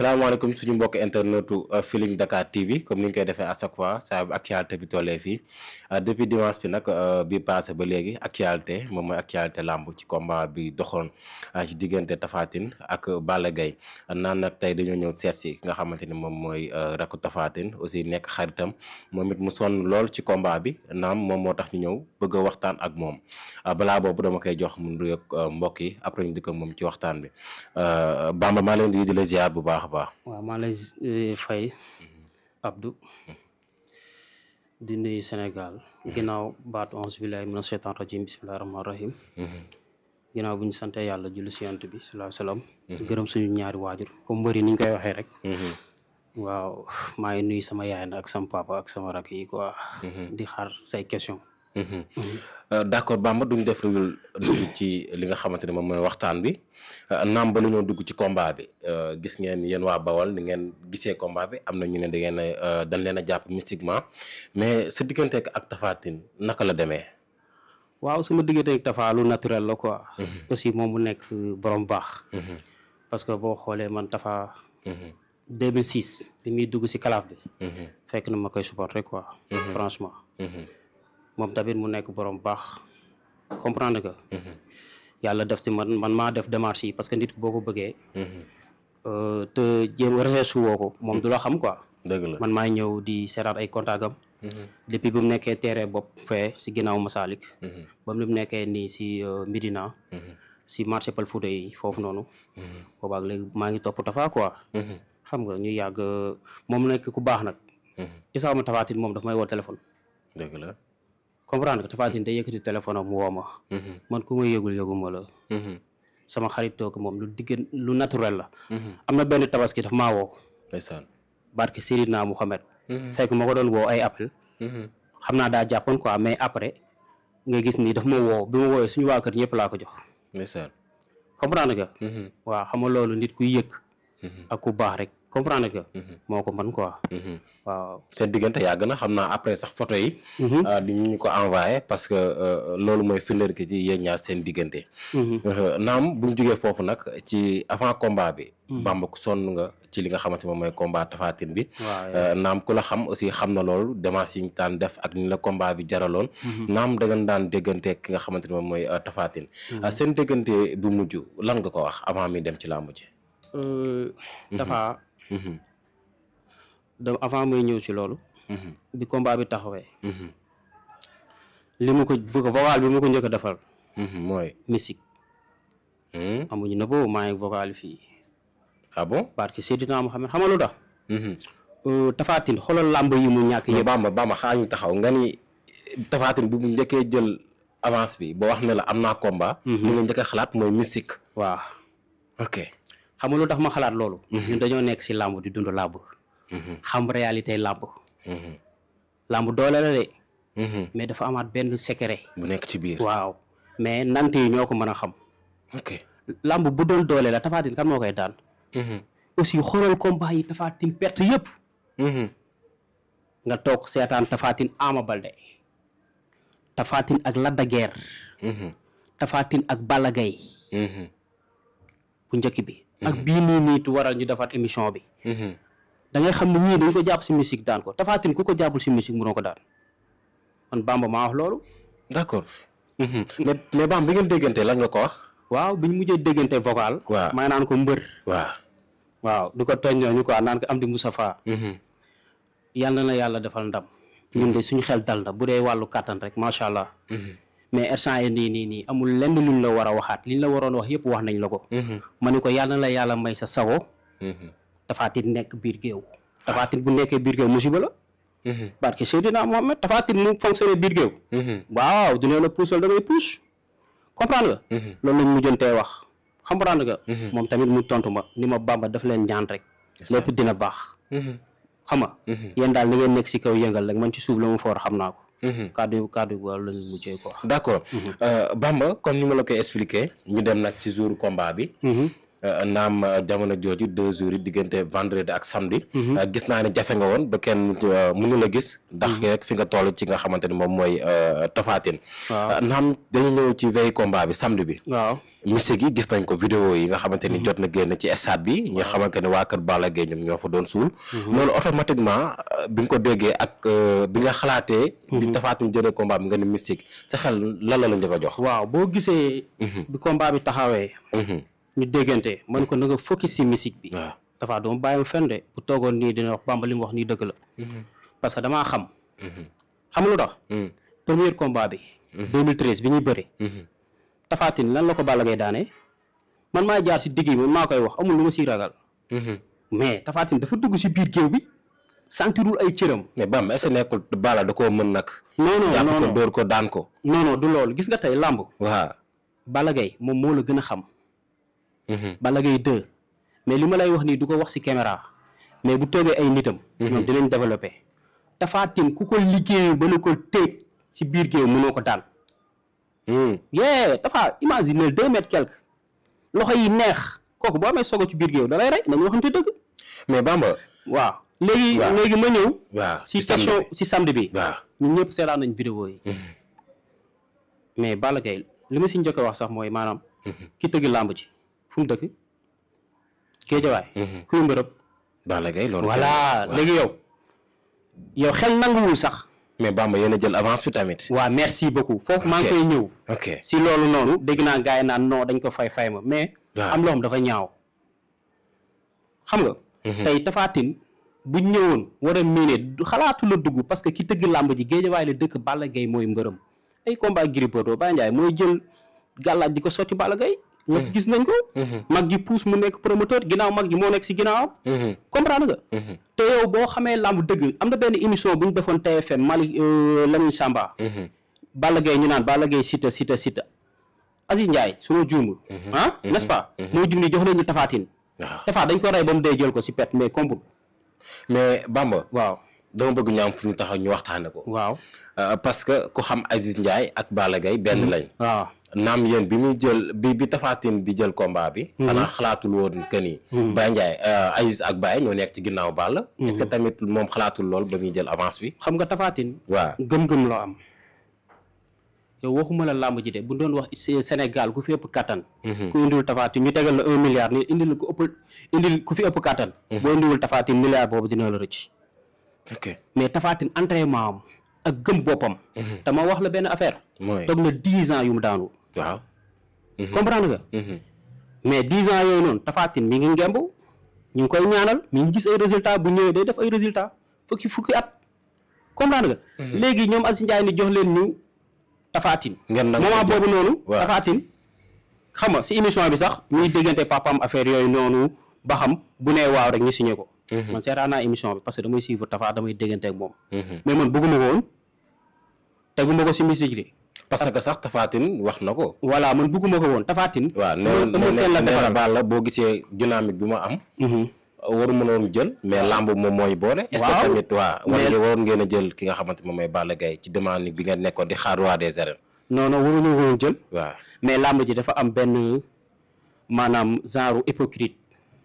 salaamaaleykum suñu mbokk internetu euh, Feeling Dakar TV comme ni ñu koy defee à chaque fois saa bu actualité bi tollee fii euh, depuis dimanche bi nag euh, bi passé ba léegi actualité moom mooy actualité làmb ci combat bi doxoon ci diggante Tapha ak Balla Gaye naan nag tey dañoo ñëw seet si nga xamante ni moom mooy rakku Tapha aussi nekk xaritam moom it mu sonn lool ci combat bi naam moom moo tax ñu ñëw bëgg a waxtaan ak moom balaa boobu dama koy jox mu nuyoog mbokk yi après ñu dikk moom ci waxtaan bi Bamba maa leen di di bu baax. baax. waaw maa lay eh, fay mm-hmm. Abdou mm-hmm. di nuyu Sénégal mm-hmm. ginnaaw baatu onze billahi mina seytaan rajim bismillahi rahim ginnaaw bu ñu yàlla julli si yant bi sallallahu alayhi gërëm suñu ñaari waajur comme mbëri niñ koy waxee rek waaw maa ngi nuyu sama yaay na ak sama papa ak sama rak yi quoi di xaar say question Mm-hmm. Euh, d'accord Bamba duñ def rewul dugg ci li nga xamante ne moom mooy waxtaan bi euh, naam ba lu ñoo dugg ci combat bi euh, gis ngeen yéen waa Bawol ni ngeen gisee combat bi am na ñu ne da ngeen a dañ leen a jàpp mystiquement mais sa diggante ak Tapha naka la demee. waaw sama diggante ak Tapha lu naturel la quoi. Mm-hmm. aussi moom mu nekk borom baax. Mm-hmm. parce que boo xoolee man Tapha. 2006 bi muy dugg si kalaaf bi. fekk na ma koy supporter quoi. franchement. moom tamit mu nekk borom baax comprendre ka mhm. yàlla def ci man man maa def démarche yi parce que nit ku boo ko bëggee mhm. euh, te jéem recherche woo ko moom du la xam quoi dëgg la man maay ñëw di seeraat ay contact am mhm. depuis bi mu nekkee terrain bopp fee si ginnaaw Masalik ba mu nekkee nii si euh, Médina si marché Pal Fouta yi foofu noonu boobaak léegi maa ngi topp Tapha quoi xam nga ñu yàgg euh, moom nekk ku baax nag isaama Tapha Tine moom daf may woo téléphone comprendre nga Tapha Tine day yëkkati téléphone am mhm. man ku ma yëgul yëguma la mhm. sama xarit toog moom lu digg lu naturel la mhm. am na benn tabaski daf maa woo ndeysaan barke Seydina Mouhamed fekk ma ko doon woo ay appel xam naa daa jàppoon quoi mais après nga gis ni daf ma woo bi ma woowee suñu waa kër ñëpp laa ko jox ndeysaan comprendre nga waa xam nga loolu nit ku yëg ak ku baax rek comprendre que mhm. moo ko man quoi mhm. waaw seen diggante yàgg na xam naa après sax photo yi mhm. ah, di ñu ko envoyé parce que euh, loolu mooy firndeel ki ci yéen ñaar seen diggante euh, naam bu ñu jógee foofu nag ci avant combat bi Bamba ku sonn nga ci li nga xamante moom mooy combat Tapha bi euh, naam ku la xam aussi xam na loolu démarche yi ñu daan def ak ni la combat bi jaraloon naam da daan déggante ki nga xamante ne moom mooy Tapha ah, seen déggante bu mujj lan nga ko wax avant mi dem ci làmb ji Tapha Mm-hmm. donc avant mooy ñëw si loolu. Mm-hmm. bi combat bi taxawee. Mm-hmm. li mu ko vocal bi mu ko njëkk a defal. mooy musique. amuñu na boobu maa ngi vocal fii. ah bon parce que Seydina xam nga lu tax. Euh, tafaatin xoolal làmb yi mu taxaw nga ni tafaatin bu mu njëkkee jël avance bi boo wax ne la am naa combat. li nga njëkk xalaat mooy musique. waaw xam nga lu tax ma xalaat loolu. Mhm. ñun dañoo nekk si làmb di dund làmb. Mhm. xam réalité làmb. Mhm. làmb doole la de. mais dafa amaat benn secret. bu nekk ci biir waaw mais nante yi ñoo ko mën a xam. làmb bu doon doole la Tapha kan moo koy daan. aussi xoolal combat yi Tapha perte yëpp. nga toog seetaan Tapha Tine Ama Baldé. Tapha ak Lac de Guiers. ak Balla bu njëkk bi. ak mhm. bii nii nii waral ñu defaat émission bi. Mhm. da ngay xam ne ñii dañ ko jàpp si musique daan ko Tapha Tine ku ko jàppul si musique mënoo ko daan man Bamba maa wax loolu. d' mhm. mais mais Bamba bi ngeen déggante lan nga ko wax. bi ñu mujjee déggante vocal. waaw may naan ko mbër. waaw waaw du ko tooñ ñu ko am di Moustapha. yàlla na yàlla defal ndam. ñun de suñu xel dal na bu dee wàllu kàttan rek macha allah. mais instant yi nii nii nii amul lenn luñ la war a waxaat liñ la waroon wax yëpp wax nañ la ko. Mm-hmm. ma ni ko yàlla na la yàlla may sa sago. Mm-hmm. Tapha Tine nekk biir géew. Tapha Tine bu nekkee biir géew musiba la. Mm-hmm. barke Seydina Mohamed Tapha Tine mu fonctionné biir géew. waaw dina la puusal da ngay puus comprendre nga. loolu wax comprendre nga. moom tamit mu tontu ma ni ma Bamba daf leen ñaan rek. lépp dina baax. xam nga. yéen daal li ngeen nekk si kaw yëngal rek man ci suuf la mu foor xam naa ko. Mm-hmm. kàddu yi kàddu yi wàllu la ñu mujjee quoi. d' accord mm-hmm. euh, Bamba comme ni ma la koy expliqué ñu dem nag ci jour combat bi. Mm-hmm. Euh, naam jamono jooju deux jours yi diggante vendredi ak samedi. Euh, gis naa ne jafe nga woon ba kenn mu mënu la gis. ndax rek fi nga toll ci nga xamante ne moom mooy Tapha Tine. waaw naam dañu ñëw ci veille combat bi samedi bi. mystique yi gis nañ ko vidéo yi nga xamante ni mhm. jot na génn ci stade bi ñi xamante ne waa kër Balla ñoom ñoo fa doon suul mhm. loolu automatiquement euh, bi nga ko déggee euh, bi nga xalaatee bi mhm. tafaatuñ jëlee combat bi nga ne mystique la la njëkk a jox waaw boo gisee bi combat bi taxawee ñu déggante man ko na nga focus si mystique bi waaw dafa doon bàyyi fenn de bu toogoon nii dina wax Bamba li mu wax nii dëgg la parce que damaa xam xam lu tax premier combat bi 2013 bi ñuy bëri Tapha Tine lan la ko Balla Gaye daane man maa jaar si digg yi man maa koy wax amul lu ma siy ragal. Mm-hmm. mais Tapha Tine dafa dugg si biir géew bi sentirul ay cëram. mais Bam est-ce que nekkul Balla da koo mën nag. non non jàpp ko dóor ko daan ko. non non du loolu gis nga tey làmb. waaw Balla Gaye moom moo la gën a xam. Mm-hmm. Balla Gaye 2 mais li ma lay wax nii du ko wax si caméra mais bu toogee ay nitam. Mm-hmm. ñoom dinañ développé. Tapha Tine ku ko liggéey ba nu ko tëj si biir géew mënoo ko daan. Hmm. yee dafa imaginer deux mètres quelque loxo yi neex kooku boo amee sogo ci biir géew da lay rey nañu waxante dëgg. mais Bamba. waaw léegi léegi ma ñëw. waaw si session si samedi bi. waaw ñun ñëpp seetaan nañ vidéo yi. Hmm. mais Balla Gaye li ma si njëkk a wax sax mooy maanaam. Hmm. ki tëgg làmb ci fu mu dëkk. Géejawaay. kuy mbërëb. Balla Gaye loolu voilà léegi yow. yow xel nanguwul sax. mais Bamba yéen a jël avance bi tamit. waaw merci beaucoup foofu maa ngi koy ñëw. ok si loolu noonu dégg naa gars yi naan non dañ ko fay fay ma mais. am loom dafa ñaaw. xam nga. Mhm. tey tafaatin bu ñëwoon war a miine xalaatu la dugg parce que ki tëgg làmb ji géejawaay la dëkk Balla gay mooy mbërëm ay combat Gris Bordeaux Baye Ndiaye mooy jël gàllaaj di ko sotti Balla Gaye ñëpp mhm. gis nañ ko mhm. mag ji pouse mu nekk promoteur ginnaaw mag ji moo nekk si ginnaawam mhm. comprendre nga te yow boo xamee làmb dëgg am na benn émission bu ñu defoon TFM Malick euh, Lamine Samba Balla gay ñu naan Balla gay Siteu Siteu Siteu Aziz Ndiaye suma juumul ah n'est-ce moo jug ni jox leen ñu tafaatin tafaa dañ ko rey ba mu dee jël ko si pet mais kombul mais Bamba waaw dama bëgg ñu am fu ñu taxaw ñu waxtaane ko waaw euh, parce que ko xam Aziz Ndiaye ak Balla Gaye benn lañ waaw naam yéen bi muy jël bi bi tafaatin di jël combat bi. Mhm. xanaa xalaatul woon que ni. Mhm. Baye Ndiaye euh, Aziz ak Baye ñoo nekk ci ginnaaw Balla. Mhm. est tamit moom xalaatul lool ba muy jël avance bi. xam nga tafaatin. waaw gëm-gëm loo am. yow waxuma la làmb ji bu doon wax Sénégal ku ku indiwul tafaatin ñu tegal la un milliard ni indil ko ëpp indil ku kattan. boo indiwul tafaatin boobu dina la rëcc. mais tafaatin entraînement am ak gëm boppam. te wax la benn affaire. mooy toog na dix ans mu daanu. waaw. Mhm. comprendre nga. Mhm. mais dix ans yooyu noonu tafaatin Tine mi ngi ngemb ñu ngi koy ñaanal mi ngi gis ay résultats bu ñëwee day def ay résultats fukki fukki at comprendre nga. Mhm. léegi ñoom si Ndiaye ni jox leen ñu Tapha Tine. ngeen moment boobu noonu. waaw Tapha xam nga si émission bi sax ñuy déggante papam affaire yooyu noonu ba xam bu nee waaw rek ñu signé ko. man seetaan naa émission bi parce que damay suivre Tapha damay déggante ak moom. mais man bëgguma ko woon teguma ko si parce que sax tafaatin wax na ko. voilà man bugguma ko woon Tafatine. waa nee na seen la defar baal la boo gisee dynamique bi ma am. Mhm. waru mënoon jël mais lamb moom mooy boole. est ngeen a jël ki nga xamante moom mooy Balla Gaye ci demande bi nga nekkoon di xaar roi des arènes. non non waruñu woon jël. waaw mais lamb ji dafa am benn maanaam genre hypocrite.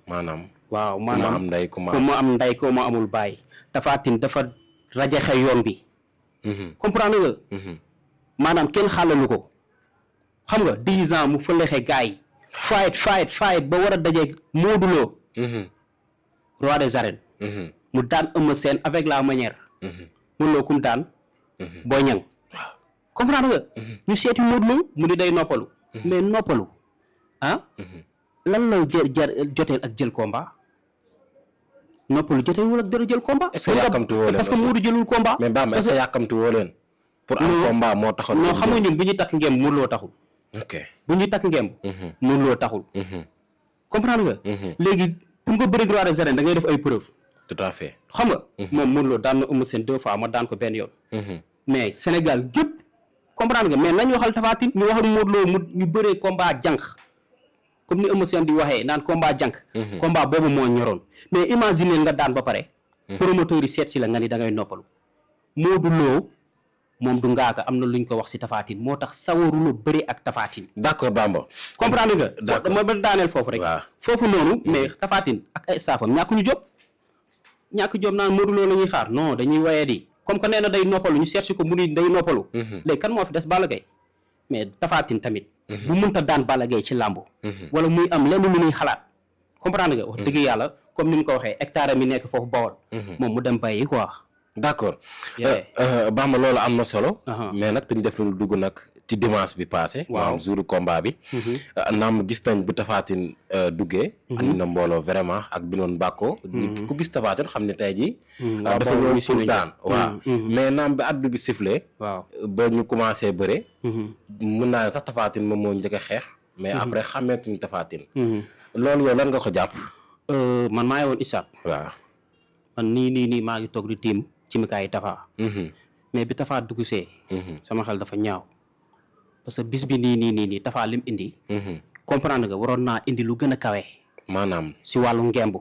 maanaam. waaw maanaam am nday ku ma am nday ku ma amul bàyyi. tafaatin dafa rajaxe yoon bi. Mhm. comprendre nga. Mhm. maanaam kenn xàllalu ko xam nga dix ans mu fëlexe gars yi fight fight fight ba war a dajeeg Modou mm-hmm. roi des arènes mm-hmm. mu daan Eumeu seen avec la manière mun mm-hmm. loo kum daan Boy Niang comprendre nga ñu seeti Modou mu ni day noppalu mais noppalu ah lan la jë jar joteel ak jël komba noppalu joteel wul ak jël combat est-ce que parce que Modou jëlul combat mais Bamba est-ce que woo leen pour am combat moo taxoon. non xamoo ñun bu ñuy takk ngemb Modou Lo taxul. ok bu ñuy mhm. mhm. nga. Mhm. léegi pour nga bëri gloire des arènes da ngay def ay preuves. tout à fait xam nga. moom Modou daan na Eumeu Sène deux ma daan ko benn yoon. mais Sénégal gépp comprendre nga mais nañ waxal Tapha Tine ñu waxal Modou Lo mu ñu bëree combat jànq. comme ni Eumeu seen di waxee naan combat jànk. combat boobu moo ñoroon mais imagine nga daan ba pare. promoteurs seet si la nga ni da ngay noppalu. Modou moom du ngaaka am na lu ñu ko wax si tafaatin moo tax sawarul a bëri ak tafaatin d'accord Bamba comprendre nga daaneel foofu rek foofu noonu mm-hmm. mais tafaatin ak ay staffam ñàkk ñu job ñàkk job naan Modou Lo la ñuy xaar non dañuy waye di comme que nee na day noppalu ñu seet si ko mu ni day noppalu mm-hmm. léegi kan moo fi des Balla Gaye mais tafaatin tamit bu mm-hmm. mënta daan Balla Gaye ci làmb wala muy am lenn mu nuy xalaat comprendre nga wax dëgg yàlla comme ni mu ko waxee hectare mi nekk foofu bawol moom mu dem bàyyi quoi d' accord euh, euh, ma loolu am na solo. Uh-huh. mais nag dañu def lu dugg nag ci dimanche bi passé. waaw jour combat bi. Mm-hmm. Euh, naam gis nañ bu tafaatin duggee. Mm-hmm. am na mbooloo vraiment ak bi noonu bàkkoo. nit mm-hmm. ku gis tafaatin xam ne tey jii. dafa ñëw pour daan waaw. mais naam bi addu bi sifflé. waaw ba ñu commencé bëre. mun naa sax tafaatin moom moo njëkk a xeex. mais après xàmmeetuñu tafaatin. loolu yow lan nga ko jàpp. man maa ngi woon ISAP. waaw man nii nii maa ngi toog di tiim. ci mikaay Tafa. Mm-hmm. mais bi Tafa dugg see. Mm-hmm. sama xel dafa ñaaw parce bis bi nii nii nii nii Tafa lim indi. Mm-hmm. comprendre nga waroon naa indi lu gën a kawe. maanaam si wàllu ngemb.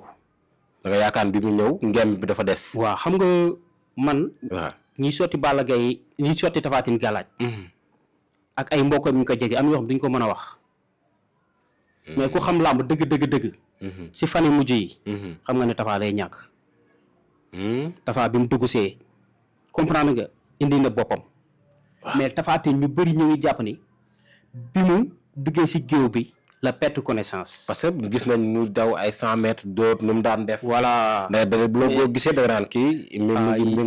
da nga yaakaar bi mu ñëw ngemb bi dafa des. waaw xam nga man. waaw ñi sotti Balla Gaye ñi sotti Tapha Tine galaaj. ak ay mbokk ko jege am yoo duñ ko mën a wax. mais ku xam làmb dëgg dëgg dëgg. si fan yu mujj yi. xam nga ne Tapha day ñàkk. Hmm? Tapha bi mu dugg see comprendre nga indi na boppam. mais Tapha Tine ñu bëri ñu ngi jàpp ni bi mu duggee si géew bi la perte connaissance. parce que gis nañ ñu daw ay cent mètres dóor nu mu daan def. voilà mais bu la gisee da daan kii. mu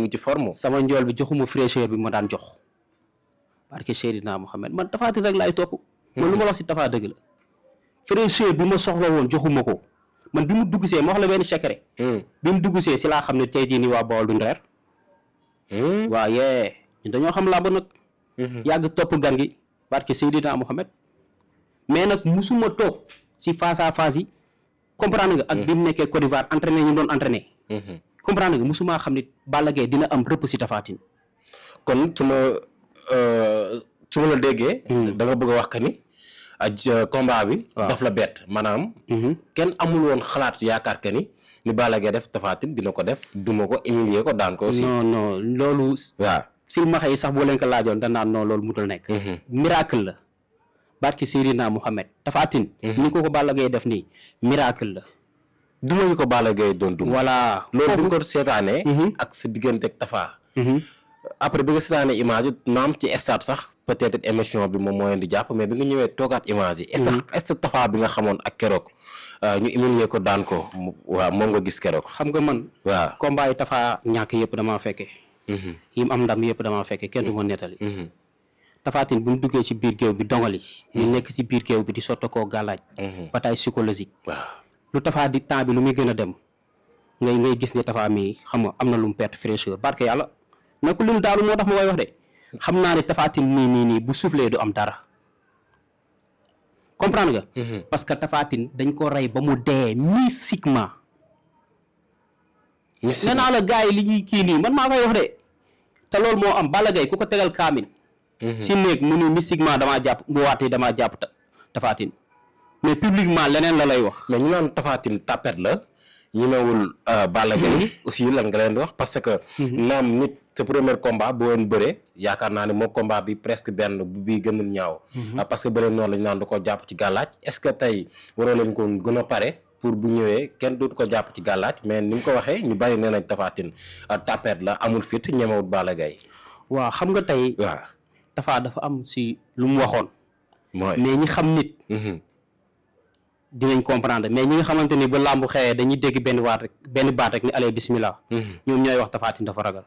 ngi ci form sama njool bi joxuma fraîcheur bi ma daan jox. parce que Seydina Mohamed man Tapha Tine rek laay topp. Hmm. man lu ma wax si Tapha dëgg la. fraîcheur bi ma soxla woon joxuma ko. man bi mu dugg see ma wax la benn secret. Hmm. bi mu dugg see si laa xam ne tey jii nii waa Bawol duñ reer. Hmm. waaw yee dañoo xam làmb nag. Hmm. yàgg topp gan gi barke Seydina Mohamed. mais nag musuma toog si face à face yi comprendre nga. ak bi mu nekkee Côte d'Ivoire entraîné ñu doon entraîné. comprendre nga musuma xam ni Balla Gaye dina am rëpp si Tapha Tine. kon su ma euh, la déggee. da nga wax que Euh, combat bi. daf la bett maanaam. Mhm. kenn amul woon xalaat yaakaar que ni li Balla Gaye def Tapha Tine dina ko def duma ko humilier ko daan ko. aussi non non yi sax boo leen ko laajoon da naan non loolu mutul nekk. Mhm. miracle la. barki Seydina Mohamed Tapha Tine. Mhm. ni ko ko Balla Gaye def nii miracle la. duma yi ko Balla Gaye doon duma. voilà loolu bu ko seetaanee. ak sa digganteeg Tapha. après bi nga seetaane image yi naam ci stade sax peut-être émission bi moom moo di jàpp mais bi nga ñëwee toogaat image yi. est mm-hmm. bi nga xamoon ak keroog euh, ñu humilier ko daan ko waaw moom nga gis keroog. xam nga man. waaw combat yi tafa ñàkk yëpp damaa fekkee. Mm-hmm. yi mu am ndam yëpp damaa fekkee kenn du ma nettali. Mm-hmm. tafaatin bu mu duggee ci biir géew bi dongali. mu nekk ci biir géew bi di sottakoo gàllaaj. bataille psychologique. waaw lu tafaa di temps lu muy gën a dem. ngay ngay gis ne tafa mi na lu mu perte fraîcheur naka lu daanu moo tax ma koy wax de xam naa ne Tapha Tine nii nii nii bu soufflé du am dara comprendre nga. Mhm. parce que tafaatin dañ ko rey ba mu dee mystiquement. mystiquement nee naa la yi li ñuy kii nii man maa koy wax loolu moo am Balla Gaye ko tegal kaamin. Mhm. si néeg damaa jàpp mu waatee damaa jàpp Tapha Tine mais publiquement leneen la lay wax. mais ñu naan tafaatin Tine la ñu newul euh, Balla Gaye mhm. aussi lan nga leen di wax parce que naam nit. sa premier combat boo leen bëree yaakaar naa ne moo combat bi presque benn bu bii gënul ñaaw. Mhm. parce que bële noonu lañ naan da ko jàpp ci gàllaaj est-ce que tey waroo lañ ko gën a pare pour bu ñëwee kenn dootu ko jàpp ci gàllaaj mais ni nga ko waxee ñu bari nee nañ Tapha Tine euh, tapet la amul fit ñemewut Balla Gaye. waaw xam nga tey. waaw Tapha dafa am si lu mu waxoon. mooy mais ñi xam nit. Mhm. dinañ comprendre mais ñi nga xamante ni ba làmbu xewee dañuy dégg benn waat benn baat rek ni allez bismillah. Mhm. ñooy wax Tapha dafa ragal.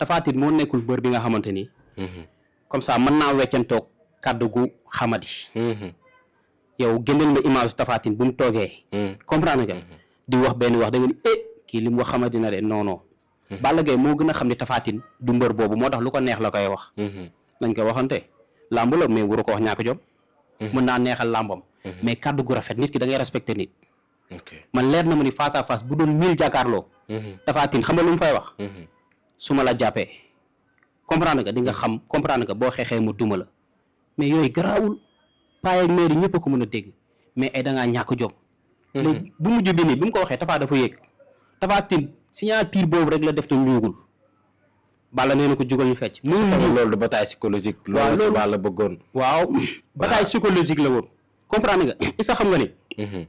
Tapha Tine moo nekkul bër bi nga xamante ni. Mhm. comme ça mën naa weccantoog kàddu gu xamadi. Mhm. yow génneel ma image tafaatin bu mu toogee. Mhm. comprendre nga di wax benn wax da eh, kii li mu wax xamadi na de non moo gën a xam ne tafaatin du mbër boobu moo tax lu ko neex la koy wax. nañ ko waxante làmb la mais waru ko wax ñàkk jom. mën naa neexal làmbam. mais kàddu gu rafet nit ki da ngay respecté nit. man leer na ma ni face à face bu doon mille jàkkaarloo. Tapha Tine xam mu fay wax. su ma la jàppee comprendre nga di nga xam comprendre nga boo xeexee mu duma la mais yooyu garaawul paa yeeg mère yi ñëpp a ko mën a dégg mais ay da ngaa ñàkk jom. Mm-hmm. bu mujj bi nii bi mu ko waxee Tapha dafa yéeg Tapha Tine signature boobu rek la def te ñuugul Balla nee na ko jugal ñu fecc. mu ngi loolu bataille psychologique. waaw loolu Balla bëggoon. waaw bataille psychologique la woon. comprendre nga isa xam nga ni. Mm-hmm.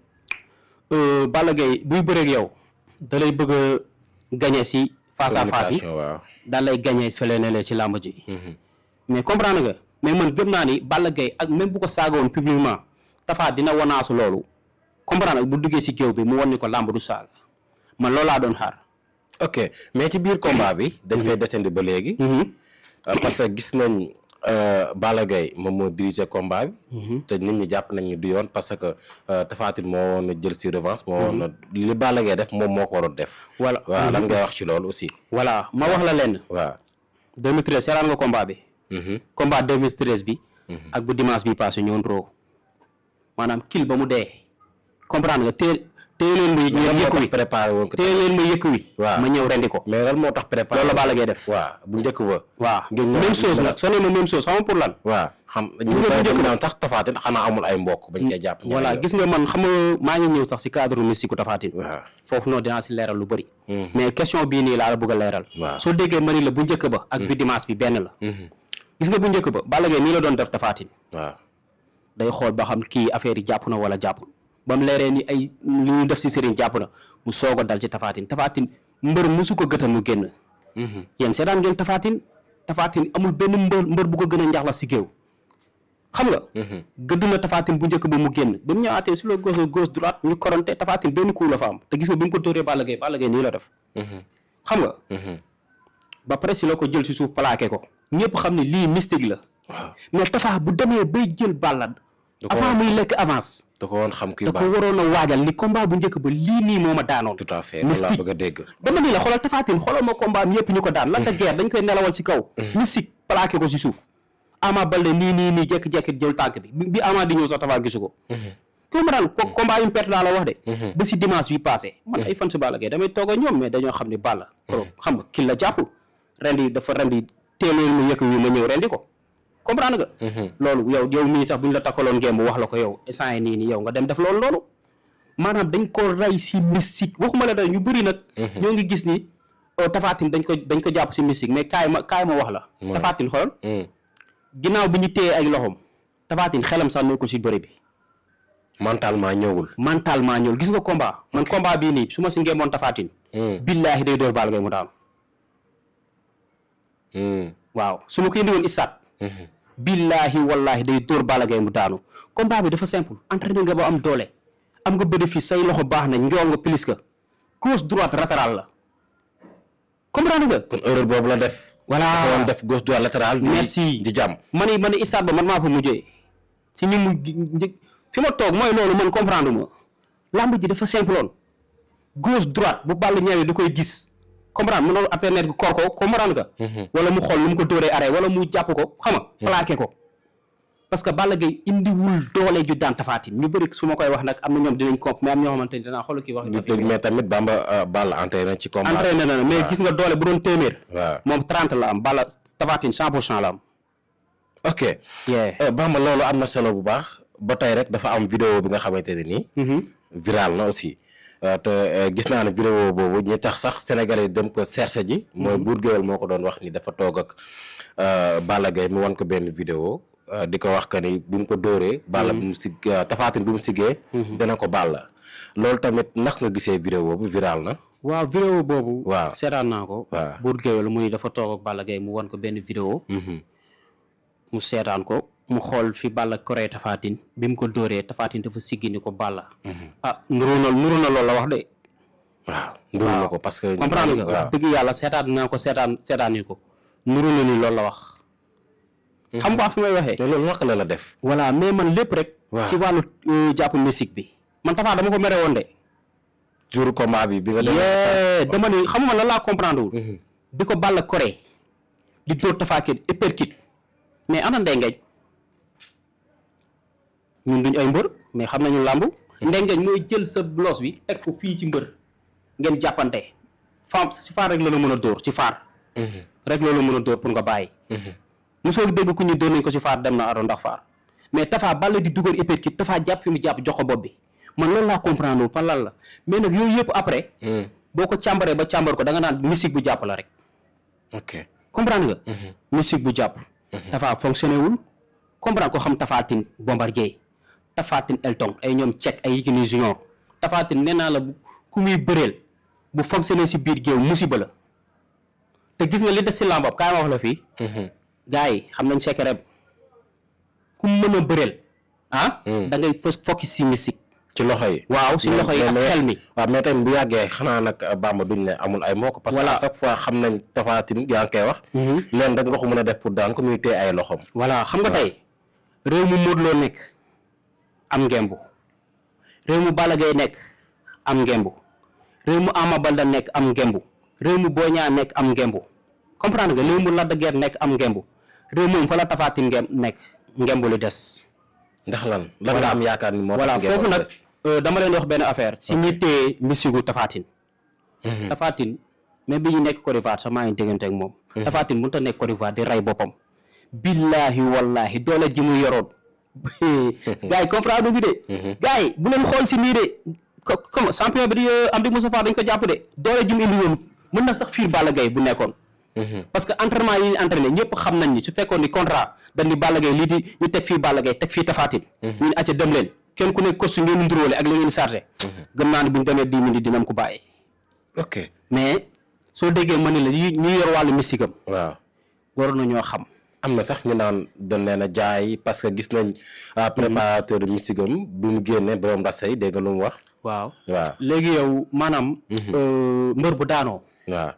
Euh, Balla Gaye buy bëreeg yow. da lay gañe si. face à face yi daal lay gagné fële ci làmb ji. Mhm. mais comprendre nga mais man gëm naa ni Balla ak même bu ko saaga woon publiquement Tapha dina wanaasu loolu comprendre nga bu duggee ci géew bi mu wan ni ko làmb du saaga man loolu laa doon xaar. ok mais ci biir combat bi. dañ fay mhm. desandi ba léegi. Mhm. Euh, parce que gis nañ. Euh, Balla Gaye moom moo dirigé combat bi. Mhm. te nit ñi jàpp nañ ñu du yoon parce que euh, Tapha moo woon a jël si revanche. moo woon a mhm. li Balla Gaye def moom moo ko waroon def. voilà waaw lan mhm. ngay wax ci loolu aussi. voilà ma wax la lenn. waaw 2013 seeraan nga combat bi. combat 2013 bi. ak bu dimanche bi passé ñëwoon roo maanaam kil ba mu dee comprendre nga téye leen ma yëg ngeen yëkk wi préparé ko téye leen ma ñëw rendi ko mais moo tax préparé loolu la Balla Gaye def waaw bu njëkk ba waaw même pour lan waaw xam gis nga bu njëkk naan sax tafaatin xanaa ay mbokk bañ koy jàpp voilà gis nga man xam nga maa ngi ñëw sax si cadre mystique u tafaatin waaw foofu noonu dinaa si leeral lu bëri mhm. mais question bii nii laa la bëgg a leeral waaw soo déggee ma ni la bu njëkk ba ak mhm. bi dimanche bi benn la mhm. gis nga bu njëkk ba Balla Gaye nii la doon def tafaatin waaw day xool ba xam kii affaire yi jàpp na wala jàpp ba mu leeree ni ay li ñu def si Serigne jàpp na mu soog a dal ci tafaatin tafaatin mbër mosu ko gëtal mu génn. Mm-hmm. yéen seetaan ngeen tafaatin tafaatin amul benn mbër mbër bu ko gën a si géew xam nga. Mm-hmm. gëdd na tafaatin bu njëkk ba mu génn ba mu ñëwaatee sur le gauche gauche droite ñu koronte tafaatin benn coup la te gis nga bi mu ko dóoree Balla Gaye Balla Gaye nii la def. Mm-hmm. xam nga. ba pare si la ko jël si suuf plaqué ko ñëpp xam ne lii mystique la. mais tafaa bu demee bay jël Balla. avant muy lekk avance. da ko woon xam kuy baax da ko waroon a waajal li combat bu njëkk ba lii nii moo ma daanoon. tout à fait loolu a la xoolal tafaatin xoolal ma combat am ñu ko laa la wax de. Mm-hmm. ba ci dimanche bi passé. man mm. ay fan si Balla Gaye damay toog ñoom mais dañoo xam ne Balla. Mm. xam nga la jàpp rendi dafa mu yëkk wi ma ñëw rendi ko comprendre nga. Mhm. loolu yow yow mii sax bu ñu la takkaloon ngémb wax la ko yow instant yii nii nii yow nga dem def loolu noonu maanaam dañ ko rey si mystique waxuma la da ñu bëri nag. Mhm. ñoo ngi gis ni euh, tafaatin dañ ko dañ ko jàpp si mystique mais kaay ma kaay ma wax la. tafaatin xool. Mm. ginnaaw bi ñu téye ay loxoom tafaatin xelam sax ko si bëri bi. mentalement ñëwul. mentalement ñëwul gis nga combat man combat bii nii su ma si ngémboon tafaatin. Mm. billaahi day door baal ngay mu daanu. Mm. waaw su ma ko billaahi wallaahi day dóor Balla Gaye mu daanu combat bi dafa simple entraîné nga ba am doole am nga bénéfice say loxo baax na njoo nga plus que gauche droite latéral la comprendre nga. kon erreur boobu la def. voilà doon def gauche droite latéral. merci di jàmm. man it man Issa Ba man maa fa mujjee ci ñi mu fi ma toog mooy loolu man comprendre ma lamb dafa simple woon gauche droite bu Balla ñëwee du koy gis. comprendre mu noonu appeler bi kor ko comprendre nga. Mhm. wala mu xool lu ko mhm. wax na am na euh, ci combat. entraîné na mais gis nga doole bu doon téeméer. waaw moom 30 la am Balla Tapha Tine 100 pour cent la am. ok. Euh, Bamba loolu am na solo bu baax ba tey rek dafa am vidéo bi nga xamante ne nii. Mhm. viral na aussi. Euh, te euh, gis naa ne vidéo boobu ñi tax sax sénégalais dem ko cherché ji mhm. mooy buur géwél moo ko doon wax ni dafa toog ak euh, Balla Gaye mu wan ko benn vidéo di ko wax que ni bi mu ko dóoree bàll mhm. bu mu sig tafaatin bu mu siggee mhm. dana ko bàll loolu tamit nax nga gisee vidéo boobu viral na waaw vidéo boobu waaw seetaan naa ko waaw buur géwél mu ni dafa toog ak Balla Gaye mu wan ko benn vidéo mu seetaan ko mu xool fi Balla koree Tafatine bi mu ko dóoree Tafatine dafa siggi ni ko Balla. Mhm. ah nuru na nuru na loolu la wax de. waaw nuru na ko parce que. comprendre nga wax dëgg yàlla seetaan naa ko seetaan seetaani ko nuru na ni loolu la wax. Mhm. xam nga fi may waxe loolu wax la la def. voilà mais man lépp rek. si wàllu euh, jàpp musique bi. man Tafa dama ko mere woon de. jour combat bi bi nga. demee dama xam nga lan laa comprendre wul. Mhm. bi ko Balla koree. di dóor Tafa kii uppercut mais ana ndey ñun duñ ay mbër mais xam nañu làmb hmm. ndengeñ mooy jël sa bloos bi teg ko fii ci mbër ngeen jàppante faam ci faar rek la la mën a dóor ci faar hmm. rek loolu mën a dóor pour nga bàyyi mu mosoo dégg ku ñu dóor nañ ko si faar dem na aro ndax faar mais tafaa balla di dugal épét ki tafaa jàpp fi mu jàpp jox ko bopp bi man loolu laa comprendre wu par lan la mais nag yooyu yëpp après hmm. boo ko càmbaree ba càmbar ko danga nga naan bu jàpp la rek ok comprendre nga bu jàpp tafaa fonctionné wul comprendre ko xam tafaatin bombardier Tafatine Elton ay ñoom Cech ay Yékini Junior Tafatine nee naa la ku muy bëreel bu fonctionné si biir géew musiba la te gis nga li des si làmbam kaay ma wax la fii. Mhm. gars yi xam nañ secret ku mën a bëreel ah. Mhm. da ngay focus si mystique. ci loxo yi waaw si loxo yi ak xel mi. waaw mais tamit bu yàggee xanaa nag euh, Bamba duñ ne amul ay mbokk. parce que à xam nañ Tafatine yaa ngi koy wax. Mhm. leen rek nga ko mën a def pour daan ko ay loxom voilà xam nga tey réew am ngembu réew mu Balla Gaye nekk am ngembu réew mu Ama Baldé nekk am ngembu réew mu Boña nekk am ngembu comprendre ga réew mu Lac de nekk am ngembu réew moom fa la tafaatin ngem nekk ngembu li des. ndax lan lan nga am yaakaar ni moo voilà foofu nag euh, dama leen wax benn affaire si ñi téye misigu tafaatin mhm. tafaatin mais bi ñu nekk Côte d'Ivoire sax maa ngi déggante moom mhm. tafaatin mënut a nekk Côte d'Ivoire di rey boppam billaahi wallaahi doole ji mu yoroon gars yi comprendre de. Mhm. gars bu leen xool si nii de comme champion bi di euh, Amdi Moustapha dañ ko jàpp de doole jum indi woon mën na sax fiir Balla Gaye bu nekkoon. Mhm. parce que entraînement yi ñu entraîné ñëpp xam nañ ni su fekkoon ni contrat dañ ni Balla Gaye lii di ñu teg fii Balla Gaye teg fii Tapha Tine. Mhm. ñu acca dem leen kenn ku nekk costume ngeen nduróole ak li ngeen chargé. gëm naa bu ñu demee dix minutes dinañ ko bàyyi. ok mais soo déggee ma ne la ñu yor wàllu mystique am. na ñoo xam. am na sax ñu naan dañ leen a jaay parce que gis nañ ah, mhm. préparateur mystique am bu mu génnee borom rase yi dégg lu mu wax. waaw waaw léegi yow maanaam. Mhm. Euh, mbër bu daanoo. waaw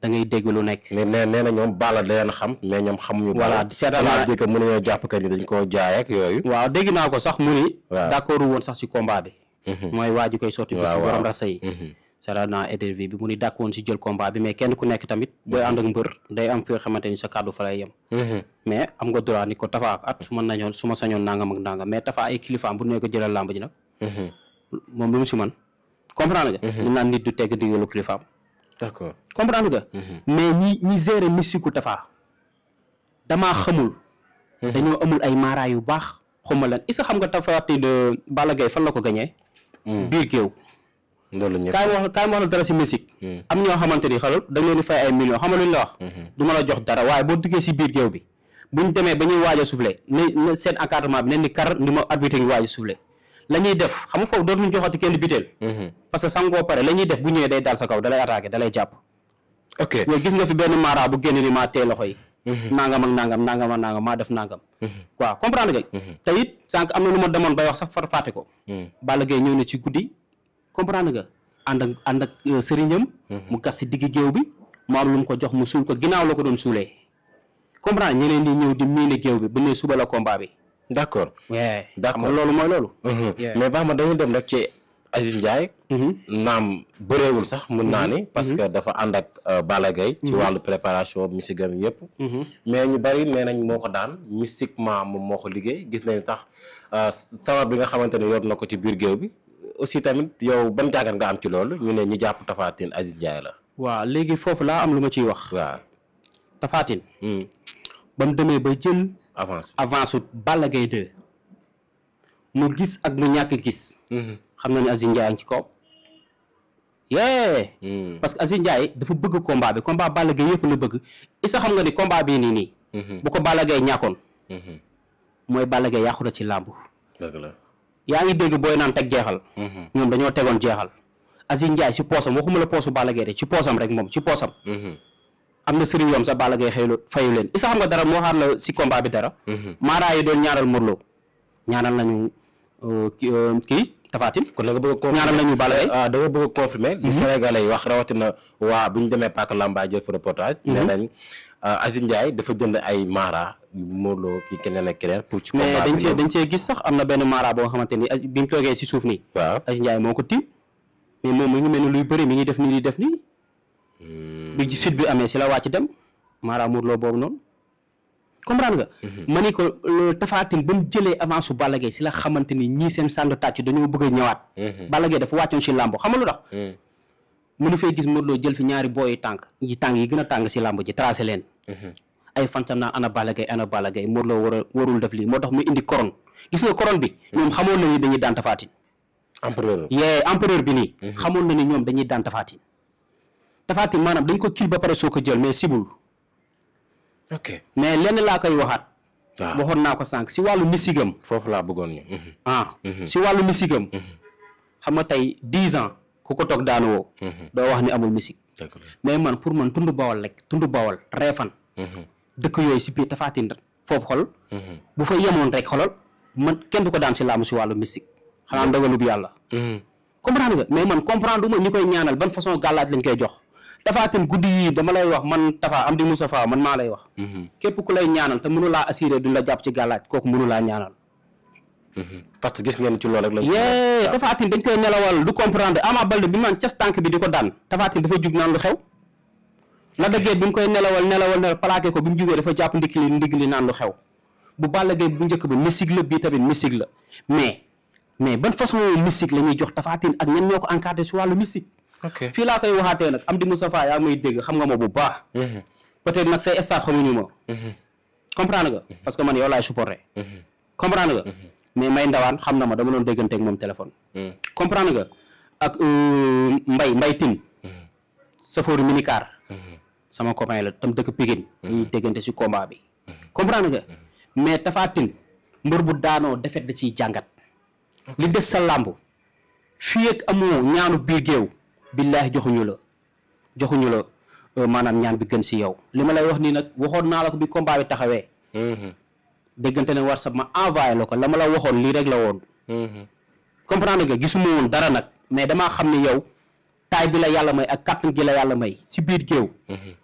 da ngay dégg lu nekk. mais nee nee na ñoom Balla da leen xam mais ñoom xamuñu. voilà seetal naa ne mën nañoo jàpp que ni dañ koo jaay ak yooyu. dégg naa ko sax mu ni. waaw woon sax ci combat bi. Mhm. mooy waa koy sotti. waaw waaw ci borom Serena interview bi mu ni dàkkoon si jël combat bi mais kenn ku nekk tamit booy ànd ak mbër day am fi nga xamante ni sa kàddu fa lay mhm. mais am nga droit ni ko Tapha at su ma nañoon su ma sañoon nangam ak nangam mais Tapha ay kilifaam bu nekk jëlal làmb nag mhm. moom lu mu si man comprendre nga mhm. mun naan nit du tegg ndigalu kilifaam d'accord comprendre mais ñi ñi gérer mystiku Tapha damaa xamul dañoo amul ay maara yu baax xuma lan isa xam nga Tapha Tine Balla fan la ko gañee mm. biir loolu ñëpp kaay ma wax kaay ma wax la dara si musique. Hmm. am ñoo xamante ni xelal dañ leen fay ay millions xam lu ñu la wax. Hmm. du ma la jox dara waaye boo duggee si biir géew bi bu ñu demee ba ñuy waaj a soufflé ne seen encadrement bi ne ni kar ni ma arbitre ngi waaj a soufflé la ñuy def xam nga foofu hmm. sa gis nga fi benn mara bu génn ni maa tee loxo yi. maa def nangam. waaw comprendre nga. te it am na lu ma demoon bay wax sax far fàtte ko. Balla Gaye ñëw na ci guddi comprendre nga ànd ak ànd ak euh, sëriñam mhm. mu gas si digg géew bi mu am lu mu ko jox mu suul ko ginnaaw la ko doon suulee comprendre ñeneen ñi ñëw di miine géew bi bu ne suba la combat bi d' accord d' accord loolu mooy loolu mhm. mais baax ma dañuy dem rek ci Aziz Ndiaye mhm. naam sax mun naa ni parce que dafa ànd ak euh, Balla Gaye ci wàllu préparation mystique am yëpp mais ñu bari nee nañ moo ko daan mystiquement moom moo ko liggéey gis nañ sax euh, sabar bi nga xamante ne yor na ko ci biir géew bi aussi tamit yow ban jàngat nga am ci loolu ñu ne ñi jàpp Tapha Tine Aziz la. waaw léegi foofu laa am lu ma ciy wax. waaw Tapha hmm. demee ba jël. avance avance ut Balla Gaye mu gis ak mu ñàkk gis. Hmm. xam na ne Aziz Ndiaye ci kaw. yee. Hmm. parce que Aziz dafa bëgg combat bi combat Balla Gaye yëpp la bëgg isa xam nga ni combat bii nii nii. bu ko Balla ñàkkoon. mooy Balla Gaye ci làmb. yaa ngi dégg booy naan teg jeexal. Mhm. ñoom dañoo tegoon jeexal. Aziz Ndiaye si poosam waxuma la poosu Balla Gaye de ci poosam rek moom ci poosam. Mhm. am na sëriñ yoom sa Balla Gaye xëy fayu leen isa xam nga dara moo xam la si combat bi dara. maaraay mhm. yi doon ñaanal Modou Lo ñaanal nañu euh, euh, kii. Tafatin kon da nga bëgg a confirmer ñaanal nañu Balla Gaye ah, mhm. wax rawatina waa bu ñu demee Pàcc Lamba jël fa reportage mhm. nee ah, dafa jënd ay maara yu Modou keneen ak pour ci mais dañ cee gis sax am na benn maara boo xamante ni bi mu toogee ci suuf nii waaw Ndiaye moo ko tiim mais moom mu ngi mel ni luy bëri mi ngi def nii di def nii hmm. bi sud bi amee si la wàcc dem maara Modou boobu noonu comprendre nga. Mhm. ma ni ko euh, tafaatin ba mu jëlee avance su Balla si la xamante ni ñii seen sànd tàcc dañoo bëgg a ñëwaat. Mhm. Balla Gaye dafa wàccoon si làmb xam nga lu tax. Mhm. mënu fee gis Modou Lo jël fi ñaari booy tànk yi tànk yi gën a tàng si làmb ji tracé leen. ay fansam naa ana Balla Gaye ana Balla Gaye war warul def lii moo tax mu indi couronne gis nga couronne bi. ñoom xamoon na dañuy daan tafaatin. empereur yee bi nii. xamoon na ni ñoom dañuy daan tafaatin. tafaatin maanaam dañ ko kii ba pare soo ko jël mais sibul ok mais lenn laa koy waxaat. waaw ah. waxoon naa ko sànq si wàllu misigam. foofu laa bëggoon ñu. Mhm. ah mhm. si wàllu misigam. Mhm. xam nga tey dix an ku ko toog daanu woo. doo wax ni amul misig. mais man pour man tundu bawal rek tundu bawal reefan. dëkk yooyu si biir tafaatin foofu xol. bu fa yemoon rek xolol man kenn du ko daan si laamu si wàllu misig. xanaa ndogalu bi yàlla. comprendre nga mais man comprendre lu ma ñi koy ñaanal ban façon gàllaaj lañ koy jox. tafaatin guddi yii dama lay wax man tafaa am di Moustapha man maa lay wax mhm. képp ku lay ñaanal te mënulaa assuré duñ la jàpp ci gàllaaj kooku mënulaa ñaanal mhm. parce que gis ngeen ci loolu rek la yee tafaatin koy nelawal du comprendre Ama Baldé bi man cas tànk bi di ko daan tafaatin dafa jug naan lu xew la dëggee bi koy nelawal nelawal nelawal plaqué ko bi mu jugee dafa jàpp ndigg li naan lu xew bu Balla bu njëkk ba mystique la bii tamit la mais mais ban façon mystique la ñuy jox tafaatin ak ñen ñoo ko encadré si wàllu mystique ok fii laa koy waxaate nag Amdi Moustapha yaa may dégg xam nga ma bu baax. Mhm. peut-être ma. Mhm. comprendre nga mhm. parce que man yow laay supporté. comprendre nga mais may ndawaan xam na ma dama doon déggante ak moom téléphone. comprendre nga ak mbay euh, mbay tin safooru minicar sama copain la tam dëkk Pikine déggante si kombaa bi comprendre nga mais Tapha Tine mbër bu daanoo defet da ciy jàngat li des sa làmb fii ak amoo ñaanu biir billaahi joxuñu la joxuñu la euh, maanaam ñaan bi gën si yow li ma lay wax nii nag waxoon naa la ko bi combat bi taxawee mm-hmm. déggante ne ma envoyé la ko la ma la waxoon lii rek la woon mm-hmm. comprendre nga gisuma woon dara nag mais damaa xam ne yow taay bi la yàlla may ak kàttan gi la yàlla may ci biir géew mm-hmm.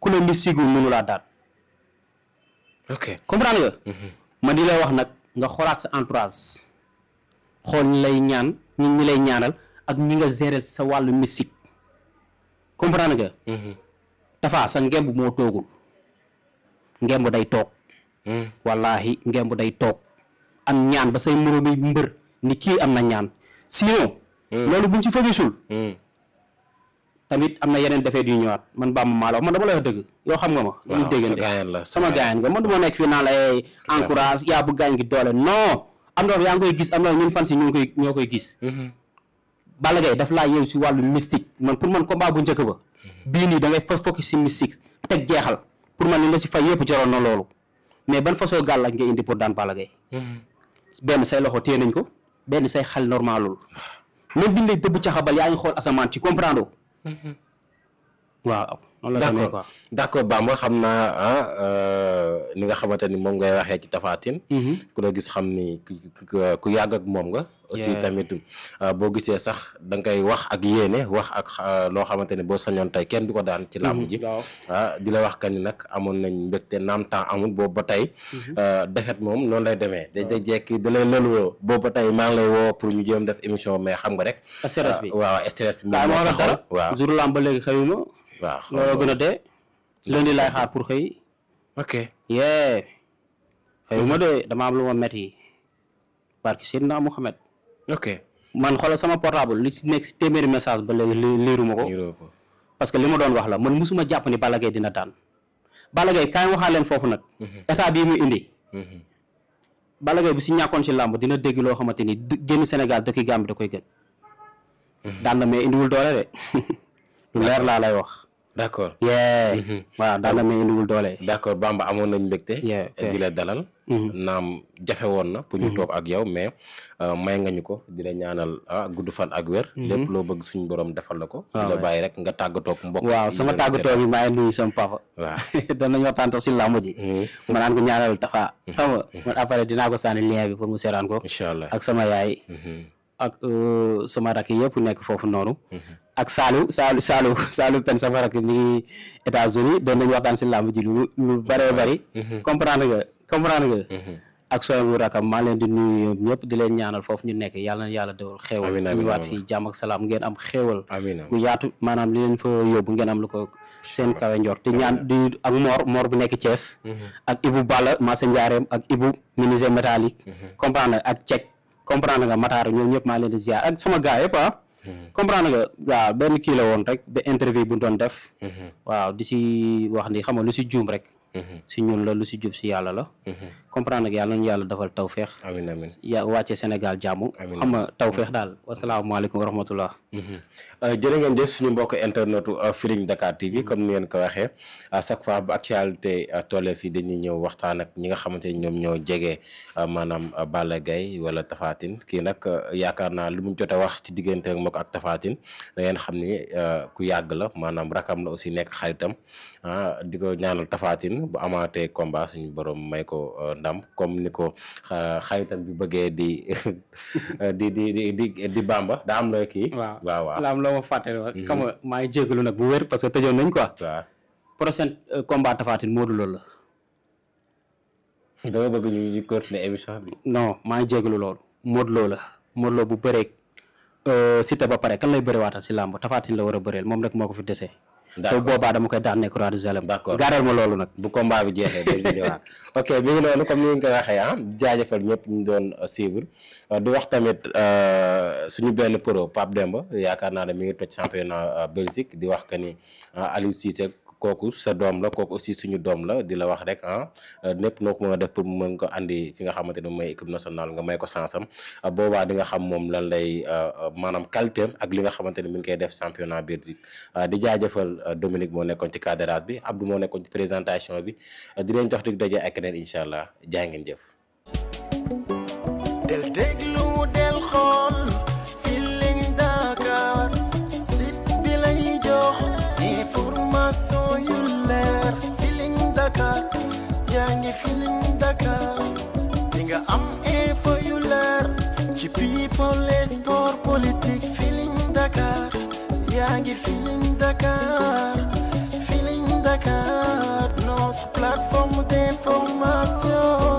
ku la mi sigul mënu laa daan ok comprendre ma di lay wax nag nga xoolaat sa entourage xool ñi lay ñaan ñi ñi lay ñaanal ak ñi nga gérer sa wàllu mystique comprendre nga. Mm-hmm. Tafa sa ngemb moo toogul ngemb day toog. Mm. wallahi ngemb day toog am ñaan ba say moromi mbër ni kii am na ñaan sinon. Mm. loolu buñ ci fëgisul mm. tamit am na yeneen defet yu ñëwaat man Bamba maa la man dama lay wax dëgg yoo xam nga ma luñ déggante sama gaayan nga man du ma nekk fii naa la encourage yaa bu gaañ gi doole non am na yaa ngi koy gis am na ñun fan si ñoo koy gis mm-hmm. Balla Gaye daf laa yeew si wàllu mystique man pour man combat bu njëkk ba bii nii da ngay fa focus si mystique teg jeexal pour man li nga si fay yëpp jaroon na loolu mais ban façon gàll ak nga indi pour daan Balla Gaye mm-hmm. benn say loxo téye ko benn say xel normalul même biñ lay dëbb caxabal yaa ngi xool asamaan ci comprendre mm-hmm. waaw d'accord d'accord Bamba xam naa ah li euh, nga xamante ni moom ngay waxee ci tafaatin mm-hmm. ku la gis xam ni ku yàgg ak moom nga aussi tamit euh, boo gisee sax da nga wax ak yéene wax ak euh, loo xamante ni boo sañoon tey kenn du ko daan ci làmb ji mm-hmm. ah di la wax ka ni nag amoon nañ mbégte naam temps amul boobu ba tey mm-hmm. defet moom noonu lay demee da da jekki da lay lëluwoo boobu ba tey maa ngi lay woo pour ñu jéem def émission mais xam nga rek stress bi waaw stress bi moom moo taxoon waaw loo gën a dee lundi laay xaar pour xëy ok yee xëyuma de dama am lu ma metti yi barki Seydina Mouhamed ok man xoolal sama portable li si nekk si téeméeri message ba léegi liiruma ko parce que li ma doon wax la man musuma jàpp ni Balla Gaye dina daan Balla Gaye kaay waxaa leen foofu nag mhm. état bii mu indi mhm. Balla Gaye bu si ñàkkoon si làmb dina dégg loo xamante ni génn Sénégal dëkk Gambie da koy gën mhm. daan na mais indiwul doole de lu leer laa lay wax d' accord voilà daal la may indiwul doole. d' accord Bamba amoon nañ mbégte. di la dalal. Mhm. naam jafe woon na. pour ñu mhm. toog ak yow mais euh, may nga ñu ko di la ñaanal ah, gudd fan ak wér. Mhm. lépp loo bëgg suñu borom defal la ko. di la bàyyi rek nga tàggatoo ak mbok waaw sama tàggatoo bi maa ngi nuyu sama papa. waaw na nañu waxtaan sax si làmb ji. ma naan ko ñaanal Tafa. xam nga man après dinaa ko sànni lien bi pour mu seeraan ko. allah ak sama yaay. ak euh, sama rakk yëpp nekk foofu noonu. Mhm. ak Saalu Saalu Saalu Saalu pen sama rakk mi ngi États-Unis doon nañu waxtaan si làmb ji lu lu bëree mhm. bëri. Mhm. comprendre nga comprendre ak sooy mu rakam maa leen di nuyu ñëpp foofu ñu nekk yàlla na yàlla dewal xéewal ñu waat fii jàmm ak salaam ngeen am xéewal ku yaatu maanaam li leen fa yóbbu ngeen am lu ko seen kawe njor ñaan ak Mor Mor bu nekk Thiès. ak Ibou Balla Massa Ndiarème ak Ibou menuisier métallique comprendre ak Cek comprendre nga Matar ñoom ñëpp maa leen di ziar ak sama gars yëpp ah. Mhm. comprendre nga waaw benn kii la woon rek ba interview bu ñu doon def. Mhm. waaw di si wax ni xam nga lu si juum rek. si mhm. ñun la lu si jub si yàlla la. comprendre ak yàlla nañu yàlla defal tawféex. amiin amiin ya wàcce Sénégal jàmm. amiin xam nga tawféex daal wasalaamaaleykum wa rahmatullah. Mhm. Euh, jërë ngeen jëf suñu mbokk internetu euh, Feeling Dakar TV comme ni ngeen ko waxee à chaque fois bu actualité euh, tollee fii dañuy ñëw waxtaan ak ñi nga xamante ni ñoom ñoo jege maanaam Balla Gaye wala Tapha kii nag yaakaar naa lu mu jot a wax ci diggante ak moom ak tafaatin Tine da ngeen xam ni ku yàgg la maanaam rakam na aussi nekk xaritam ah di ko ñaanal Tapha bu amaatee combat suñu borom may ko. ndam comme ni ko euh, xaritam bi bëggee di di di di di di bamba daa am looy kii waaw waaw waaw la am loo ma fàttali mhm. xam nga maa ngi jégalu nag bu wér parce que tëjoon nañ quoi waaw prochain euh, combat Tapha Tine Modou la dama bëgg ñu ñu continuer émission bi non maa ngi jégalu loolu Modou la Modou Lo bu bëreeg euh, Siteu a pare kan lay bëri waatal si làmb Tapha la war a bëreel moom rek moo ko fi desee te boobaa dama koy daan ne croix de Jérusalem d'accord gaaral ma loolu nag bu combat bi jeexee dégg ñëwaat ok bi ngi noonu comme ni nga ko waxee ah jaajëfal ñëpp ñu doon euh, suivre euh, di wax tamit euh, suñu benn pro Pape Demba yaakaar naa ne mu ngi toj championnat Belgique di wax que ni Aliou Cissé kooku sa doom la kooku aussi suñu doom la di la wax rek ah népp noo ko mën a def pour mën ko andi fi nga xamante ne mooy équipe nationale nga may ko sansam ah, boobaa di nga xam moom lan lay ah, maanaam qualité ak li nga xamante ne mu ngi koy def championnat Belgique ah, di jaajëfal Dominique moo nekkoon ci cadrage bi Abdou moo nekkoon ci présentation bi di leen jox dig daje ak keneen incha allah jaa ngeen jëf. people sport politique Feeling Dakar yaa ngi Feeling Dakar Feeling Dakar notre plateforme d'information